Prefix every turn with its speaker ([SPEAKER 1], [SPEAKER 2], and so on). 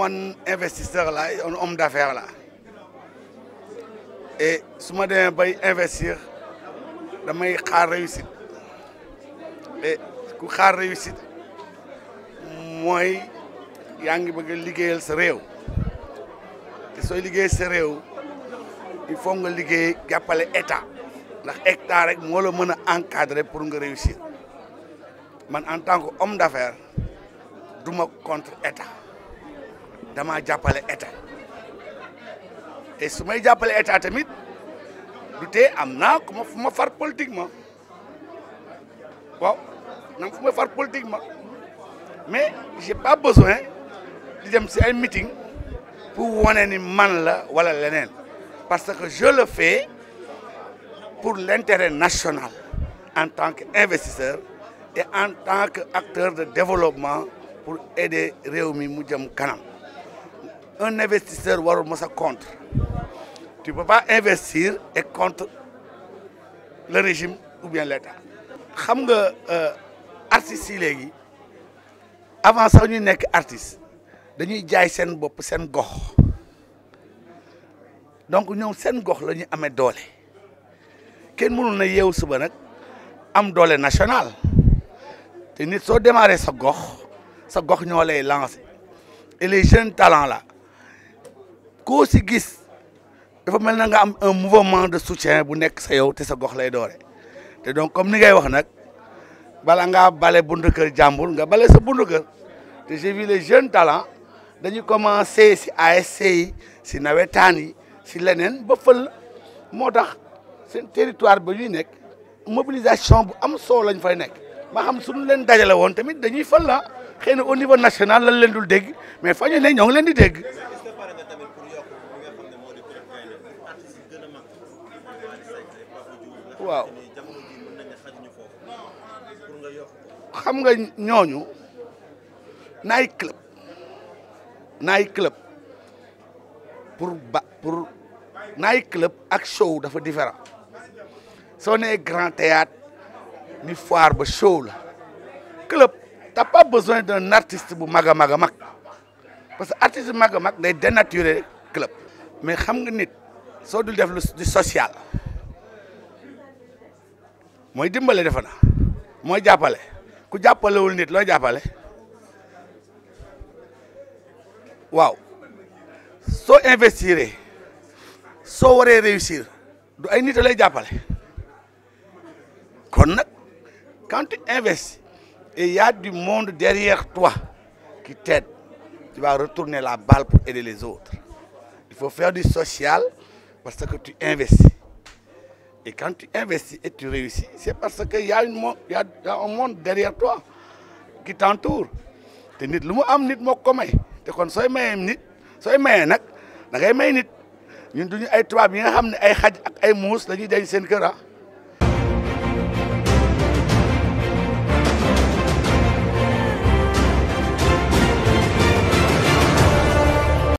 [SPEAKER 1] man investisseur la un homme d'affaires la et su ma demee bay investir damay xaar réussite et ku xaar réussite mooy yaa ngi bëgg a liggéeyal sa réew sooy liggéey sa réew il faut nga liggéey jàppale état ndax état rek moo la mën a encadrer pour nga réussir man en tant que homme d'affaires duma contre état damaa jàppale état te su may jàppale état tamit du am naa ku ma ma far politiquement waaw nang fu ma far politiquement mais j'ai pas besoin di dem si ay meeting pour wane ni man la wala leneen parce que je le fais pour l'intérêt national en tant que investisseur et en tant que qu'acteur de développement pour aider réew mi mu jëm kanam un investisseur warul mës a contre tu peux investir et contre le régime ou bien l'état xam nga euh, artistes yi léegi avant sax ñuy nekk artiste dañuy jaay seen bopp seen gox donc ñoom seen gox la ñuy amee doole kenn mënul na yeewu suba nag am doole national te nit soo démarré sa gox sa gox ñoo lay lancé et les jeunes talents la koo si gis dafa mel na nga am un mouvement de soutien bu nekk sa yow te sa gox lay doore te donc comme ni ngay wax nag bala ngaa bale buntu kër jàmbur nga bale sa buntu kër te j'ai vu les jeunes talents dañu commencé si ASC yi si nawetaan si leneen ba fël moo tax seen territoire ba ñuy nekk mobilisation bu am soo lañ fay nekk ma xam suñu leen dajale woon tamit dañuy fël la xëy na au niveau national lañ leen dul dégg mais fa ne ñoo leen di dégg waaw jamono nga yokk xam nga ñooñu naay club naay club pour ba pour naay club ak show dafa différent soo nee grand théâtre ni foire ba show la club t'as pas besoin d'un artiste bu mag a mag a mag parce que artiste mag a mag day dénaturer club mais xam nga nit soo dul def lu social mooy dimbale defe na mooy jàppale ku jàppalewul nit looy jàppale waaw soo investir soo waree réussir du ay nit lay jàppale kon nag quand tu investis et y du monde derrière toi qui t'aide tu vas retourner la balle pour aider les autres. Il faut faire du social parce que tu investis. Et quand tu investis et tu réussis, c'est parce que y, a une monde, y, a, un monde derrière toi qui t'entoure. te nit lu mu am nit moo ko te kon sooy mayee nit sooy mayee nag da ngay may nit ñun duñu ay tubaab yi nga xam ne ay xaj ak ay muus la ñuy denc seen kër ah.